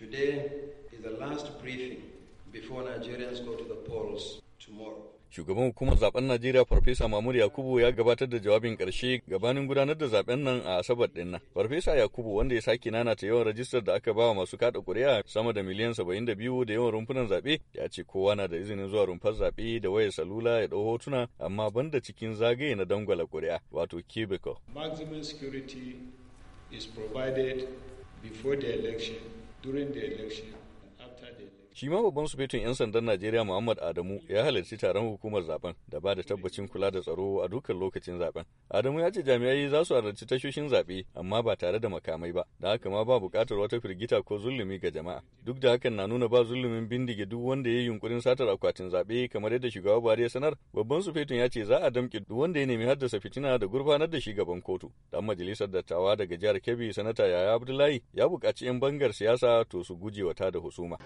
Today is the last briefing before Nigerians go to the polls tomorrow. shugaban hukumar zaben Najeriya Farfesa Mamur Yakubu ya gabatar da jawabin karshe gabanin gudanar da zaben nan a Asabar din nan. Farfesa Yakubu wanda ya sake nanata yawan rajistar da aka bawa masu kada kuri'a sama da miliyan 72 da yawan rumfunan zabe ya ce kowa na da izinin zuwa rumfar zabe da wayar salula ya dau hotuna amma banda cikin zagaye na dangwala kuri'a wato cubicle. Maximum security is provided before the election during the election and after the election. Shi ma babban sufetin 'yan sandan Najeriya Muhammad Adamu ya halarci taron hukumar zaben da ba da tabbacin kula da tsaro a dukkan lokacin zaben. Adamu ya ce jami'ai za su halarci tashoshin zaɓe amma ba tare da makamai ba, da haka ma ba buƙatar wata firgita ko zulumi ga jama'a. Duk da hakan na nuna ba zulumin bindige duk wanda ya yi yunkurin satar akwatin zaɓe kamar yadda shugaba Buhari ya sanar. Babban sufetin ya ce za a damƙe duk wanda ya nemi haddasa fitina da gurfanar da shi gaban kotu. Dan majalisar dattawa daga jihar Kebbi sanata Yaya Abdullahi ya buƙaci 'yan bangar siyasa to su guje wa tada husuma.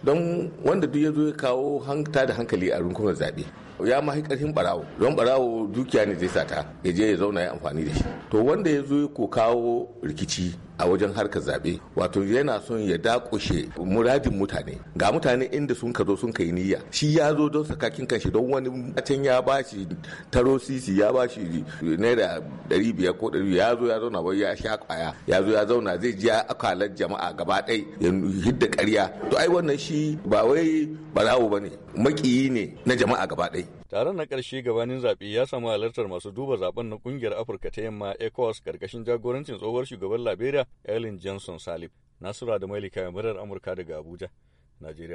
wanda duk ya zo ya kawo hanta da hankali a rungumar zaɓe ya ma karfin barawo don barawo dukiya ne zai sata ya je ya zauna ya amfani da shi to wanda ya zo ko kawo rikici a wajen harkar zaɓe wato yana son ya dakushe muradin mutane ga mutane inda sun ka zo sun kai niyya shi ya zo don sakakin kanshi don wani matan ya bashi taro sisi ya ba shi, naira ɗari biyar ko ɗari ya zo ya zauna wai ya sha kwaya ya zo ya zauna zai ji akalar jama'a gaba ɗai ya hidda ƙarya to ai wannan shi ba wai barawo ba ne makiyi ne na jama'a gaba ɗai taron na ƙarshe gabanin zaɓe ya samu halartar masu duba zaben na ƙungiyar afirka ta yamma ecos ƙarƙashin jagorancin tsohuwar shugaban liberia Abuja, Ellen Johnson Salif, Nasura da Malika Murar Amurka daga Abuja, Najeriya.